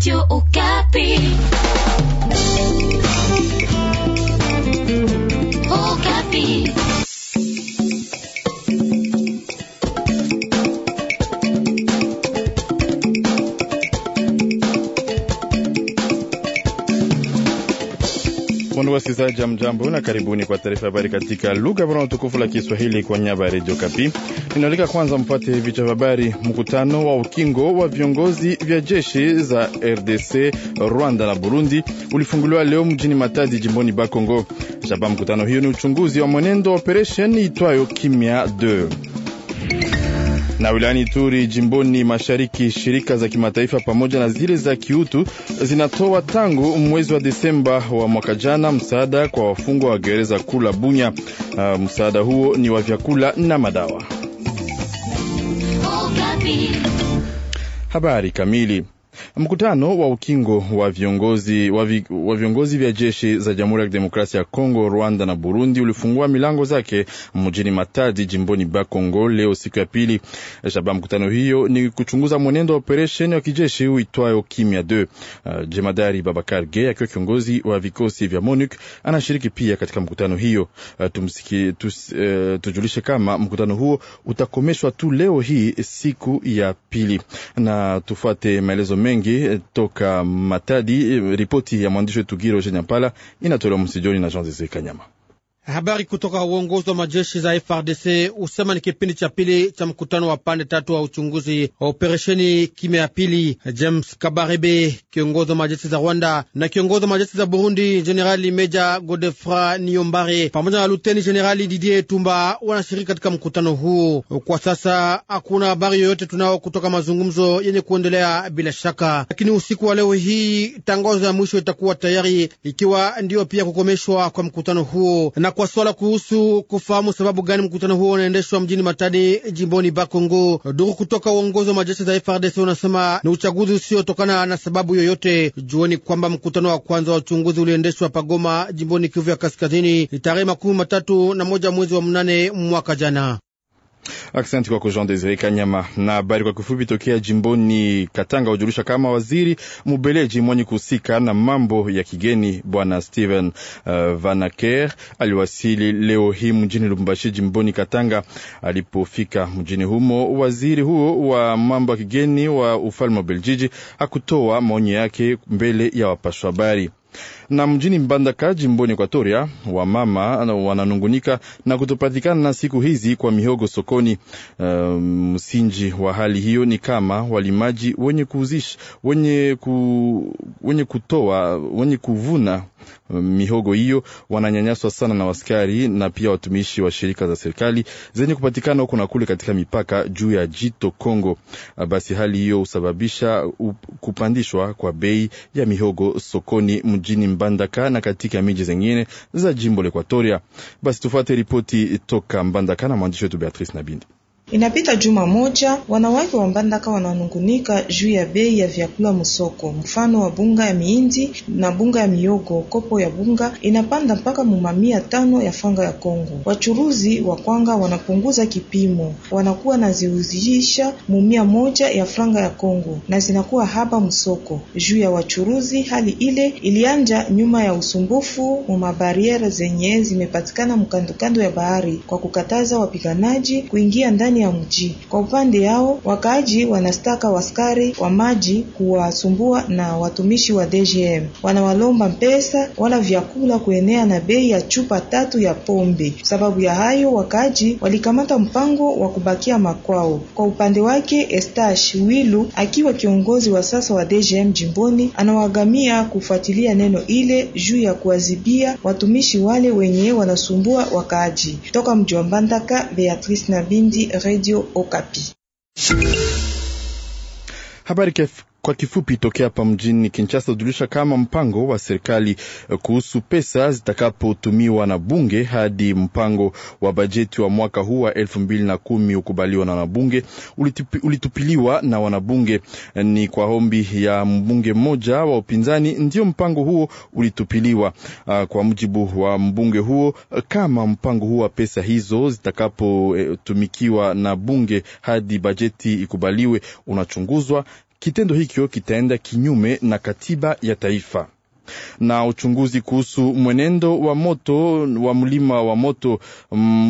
Radio Ucapi. Wapendwa wasikilizaji, mjambo na karibuni kwa taarifa habari katika lugha bora tukufu la Kiswahili kwa nyaba ya Radio Kapi. Ninaalika kwanza mpate vichwa vya habari. Mkutano wa ukingo wa viongozi vya jeshi za RDC, Rwanda na Burundi ulifunguliwa leo mjini Matadi, jimboni Bakongo. Shabaha mkutano hiyo ni uchunguzi wa mwenendo wa operesheni itwayo Kimya 2. Na wilayani Turi jimboni mashariki, shirika za kimataifa pamoja na zile za kiutu zinatoa tangu mwezi wa Desemba wa mwaka jana msaada kwa wafungwa wa gereza kuu la Bunya. Uh, msaada huo ni wa vyakula na madawa. Oh, Habari kamili Mkutano wa ukingo wa viongozi, wa vi, wa viongozi vya jeshi za Jamhuri ya Kidemokrasia ya Kongo, Rwanda na Burundi ulifungua milango zake mjini Matadi jimboni Bakongo leo siku ya pili. Shabaha mkutano hiyo ni kuchunguza mwenendo wa operesheni wa kijeshi uitwayo Kimya 2. Uh, jemadari Babakar Ge akiwa kiongozi wa vikosi vya MONUC anashiriki pia katika mkutano hiyo. Uh, tumsiki, tus, uh, tujulishe kama mkutano huo utakomeshwa tu leo hii siku ya pili, na tufuate maelezo mengi mengi eh, toka Matadi. Eh, ripoti ya mwandishi wetu Giro Nyampala inatolewa msijoni na Jean Zeze Kanyama. Habari kutoka uongozi wa majeshi za FRDC husema ni kipindi cha pili cha mkutano wa pande tatu wa uchunguzi wa operesheni kime ya pili. James Kabarebe, kiongozi wa majeshi za Rwanda, na kiongozi wa majeshi za Burundi, Jenerali Meja Godefra Niyombare pamoja na Luteni Jenerali Didier Tumba wanashiriki katika mkutano huo. Kwa sasa hakuna habari yoyote tunao kutoka mazungumzo yenye kuendelea bila shaka, lakini usiku wa leo hii tangazo ya mwisho itakuwa tayari, ikiwa ndiyo pia kukomeshwa kwa mkutano huo na kwa swala kuhusu kufahamu sababu gani mkutano huo unaendeshwa mjini Matadi, jimboni Bakongo. Duru kutoka uongozi wa majeshi za FRDC unasema ni uchaguzi usiotokana na sababu yoyote. Jueni kwamba mkutano wa kwanza wa uchunguzi uliendeshwa Pagoma, jimboni Kivu ya Kaskazini, tarehe makumi matatu na moja mwezi wa mnane mwaka jana. Aksanti kwako Jean Desire Kanyama. Na habari kwa kifupi tokea jimboni Katanga hujulisha kama waziri Mubeleji mwenye kuhusika na mambo ya kigeni bwana Steven uh, Vanaker aliwasili leo hii mjini Lubumbashi jimboni Katanga. Alipofika mjini humo, waziri huo wa mambo ya kigeni wa ufalme wa Beljiji hakutoa maoni yake mbele ya wapashwa habari na mjini Mbandaka jimboni Ekwatoria, wamama wananungunika na kutopatikana na siku hizi kwa mihogo sokoni. Ehm, msingi wa hali hiyo ni kama walimaji wenye kuuzisha, wenye, ku, wenye kutoa wenye kuvuna ehm, mihogo hiyo wananyanyaswa sana na waskari na pia watumishi wa shirika za serikali zenye kupatikana huko na kule katika mipaka juu ya jito Kongo. Ah, basi hali hiyo husababisha kupandishwa kwa bei ya mihogo sokoni mjini Mbandaka na katika miji zengine za jimbo la equatoria Basi tufuate ripoti toka Mbandaka na mwandishi wetu Beatrice Nabindi. Inapita juma moja, wanawake wa Mbandaka wananungunika juu ya bei ya vyakula musoko, mfano wa bunga ya miindi na bunga ya miogo. Kopo ya bunga inapanda mpaka mumamia tano ya fanga ya Kongo. Wachuruzi wa kwanga wanapunguza kipimo, wanakuwa na mumia moja ya franga ya Kongo na zinakuwa haba msoko juu ya wachuruzi. Hali ile ilianja nyuma ya usumbufu mumabariere zenye zimepatikana mkandokando ya bahari kwa kukataza wapiganaji kuingia ndani ndani ya mji. Kwa upande yao, wakaaji wanastaka waskari wa maji kuwasumbua na watumishi wa DGM wanawalomba pesa wala vyakula kuenea na bei ya chupa tatu ya pombe. Sababu ya hayo, wakaaji walikamata mpango wa kubakia makwao. Kwa upande wake, Estash Wilu akiwa kiongozi wa sasa wa DGM jimboni, anawagamia kufuatilia neno ile juu ya kuwazibia watumishi wale wenye wanasumbua wakaaji. Toka mji wa Mbandaka, Beatrice Nabindi Radio Okapi. Habari kwa kifupi, tokea hapa mjini Kinshasa hujulisha kama mpango wa serikali eh, kuhusu pesa zitakapotumiwa na bunge hadi mpango wa bajeti wa mwaka huu wa elfu mbili na kumi ukubaliwa na wanabunge ulitupi, ulitupiliwa na wanabunge. Eh, ni kwa ombi ya mbunge mmoja wa upinzani ndio mpango huo ulitupiliwa. Ah, kwa mujibu wa mbunge huo, eh, kama mpango huo wa pesa hizo zitakapotumikiwa na bunge hadi bajeti ikubaliwe unachunguzwa Kitendo hikyo kitaenda kinyume na katiba ya taifa na uchunguzi kuhusu mwenendo wa moto wa mlima wa moto,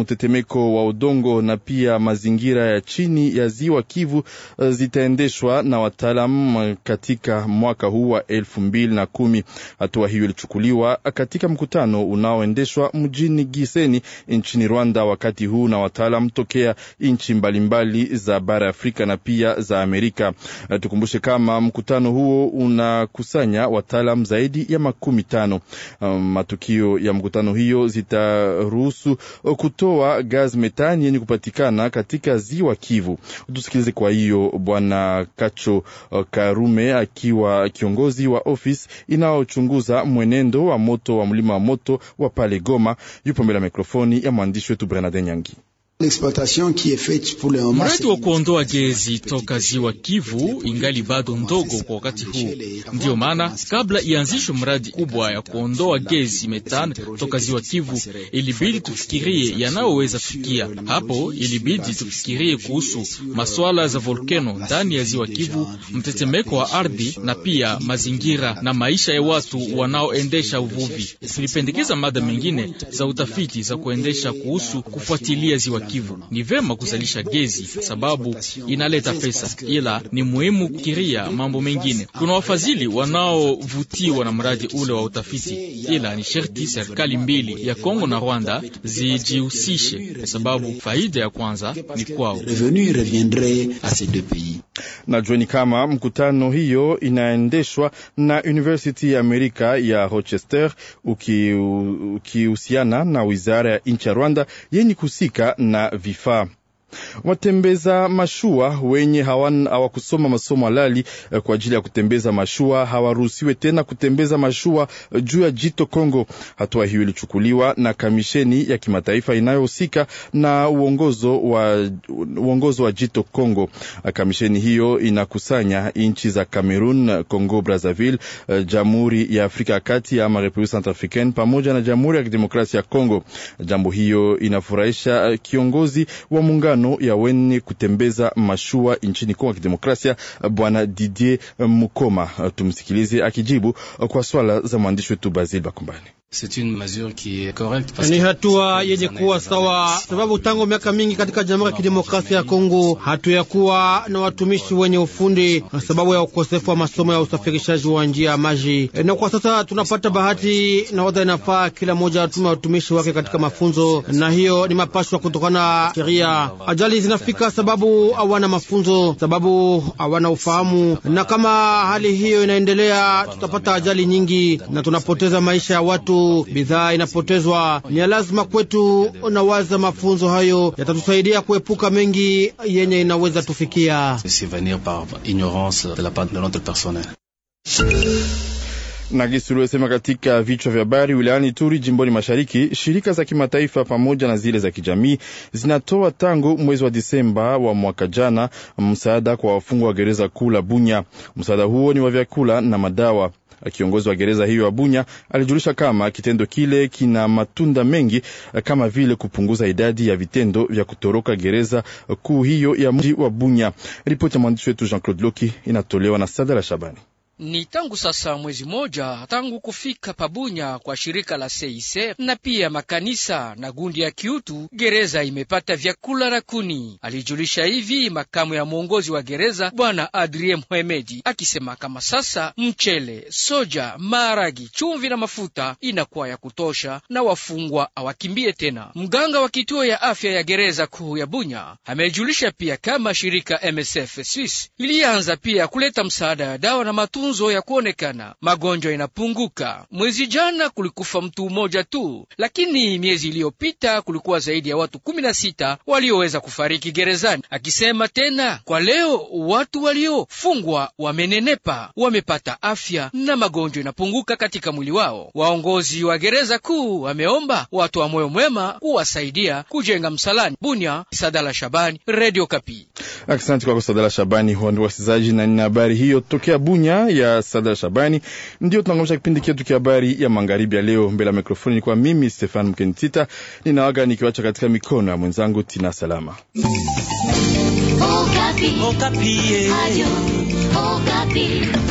mtetemeko wa udongo na pia mazingira ya chini ya ziwa Kivu eh, zitaendeshwa na wataalam katika mwaka huu wa elfu mbili na kumi. Hatua hiyo ilichukuliwa katika mkutano unaoendeshwa mjini Giseni nchini Rwanda wakati huu na wataalam tokea nchi mbalimbali za bara ya Afrika na pia za Amerika. Eh, tukumbushe kama mkutano huo unakusanya wataalam zaidi ya makumi tano. Um, matukio ya mkutano hiyo zitaruhusu uh, kutoa gaz metani yenye kupatikana katika ziwa Kivu. Tusikilize kwa hiyo Bwana Kacho uh, Karume akiwa kiongozi wa ofisi inayochunguza mwenendo wa moto wa mlima wa moto wa pale Goma. Yupo mbele ya mikrofoni ya mwandishi wetu Bernard Nyangi. Mradi wa kuondoa gezi toka ziwa Kivu ingali bado ndogo kwa wakati huu. Ndiyo maana kabla ianzishwe mradi kubwa ya kuondoa gezi metani toka ziwa Kivu, ilibidi tufikirie yanayoweza fikia hapo. Ilibidi tufikirie kuhusu masuala za volkeno ndani ya ziwa Kivu, mtetemeko wa ardhi, na pia mazingira na maisha ya watu wanaoendesha uvuvi. Tulipendekeza mada mengine za utafiti za kuendesha kuhusu kufuatilia ziwa Kivu. Kivu. Ni vema kuzalisha gezi sababu inaleta pesa, ila ni muhimu kiria mambo mengine. Kuna wafadhili wanaovutiwa na mradi ule wa utafiti, ila ni sherti serikali mbili ya Kongo na Rwanda zijihusishe, kwa sababu faida ya kwanza ni kwao. Na ni kama mkutano hiyo inaendeshwa na University ya Amerika ya Rochester ukihusiana uki na wizara ya nchi ya Rwanda yenye kuhusika na vifaa Watembeza mashua wenye hawakusoma masomo halali eh, kwa ajili ya kutembeza mashua hawaruhusiwe tena kutembeza mashua eh, juu ya jito Kongo. Hatua hiyo ilichukuliwa na kamisheni ya kimataifa inayohusika na uongozo wa, uongozo wa jito Kongo. Eh, kamisheni hiyo inakusanya nchi za Cameroon, Congo Brazzaville, Jamhuri ya Afrika ya Kati ama Republique Centrafricaine pamoja na Jamhuri ya Kidemokrasia ya congo Jambo hiyo inafurahisha kiongozi wa muungano maandamano ya wenye kutembeza mashua nchini Kongo ya Kidemokrasia, bwana Didier Mukoma. Tumsikilize akijibu kwa swala za mwandishi wetu Basil Bakombani. Ni hatua yenye kuwa sawa, sababu tangu miaka mingi katika Jamhuri ya Kidemokrasia ya Kongo hatuyakuwa na watumishi wenye ufundi sababu ya ukosefu wa masomo ya usafirishaji wa njia ya maji. E, na kwa sasa tunapata bahati na wadha, inafaa kila mmoja atume watumishi wake katika mafunzo, na hiyo ni mapashwa kutokana sheria. Ajali zinafika sababu hawana mafunzo, sababu hawana ufahamu, na kama hali hiyo inaendelea tutapata ajali nyingi na tunapoteza maisha ya watu bidhaa inapotezwa. Ni lazima kwetu, nawaza mafunzo hayo yatatusaidia kuepuka mengi yenye inaweza tufikia na gisi uliosema katika vichwa vya habari wilayani turi jimboni Mashariki, shirika za kimataifa pamoja na zile za kijamii zinatoa tangu mwezi wa Disemba wa mwaka jana msaada kwa wafungwa wa gereza kuu la Bunya. Msaada huo ni wa vyakula na madawa. Kiongozi wa gereza hiyo ya Bunya alijulisha kama kitendo kile kina matunda mengi kama vile kupunguza idadi ya vitendo vya kutoroka gereza kuu hiyo ya mji wa Bunya. Ripoti ya mwandishi wetu Jean Claude Loki inatolewa na Sadara Shabani. Ni tangu sasa mwezi moja tangu kufika Pabunya kwa shirika la Seiser na pia makanisa na gundi ya kiutu, gereza imepata vyakula na kuni Alijulisha hivi makamu ya mwongozi wa gereza Bwana Adrien mhemedi akisema kama sasa mchele, soja, maharagi, chumvi na mafuta inakuwa ya kutosha na wafungwa awakimbie tena. Mganga wa kituo ya afya ya gereza kuu ya Bunya amejulisha pia kama shirika MSF Swiss ilianza pia kuleta msaada ya dawa na matunda mafunzo ya kuonekana, magonjwa inapunguka. Mwezi jana kulikufa mtu mmoja tu, lakini miezi iliyopita kulikuwa zaidi ya watu na sita walioweza kufariki gerezani. Akisema tena, kwa leo watu waliofungwa wamenenepa, wamepata afya na magonjwa inapunguka katika mwili wao. Waongozi wa gereza kuu wameomba watu wa moyo mwema kuwasaidia kujenga msalani. Bunya, Sadala Shabani, Radio Kapi. Asante kwako Sadala Shabani. Wasikizaji, na nina habari hiyo tokea Bunya ya Sada Shabani. Ndio tunangamisha kipindi chetu cha habari ya magharibi ya leo. Mbele ya mikrofoni ni kwa mimi Stefan Mkenitita, ninawaga nikiwacha katika mikono ya mwenzangu Tina Salama. Okapi. Okapi. Adio. Okapi.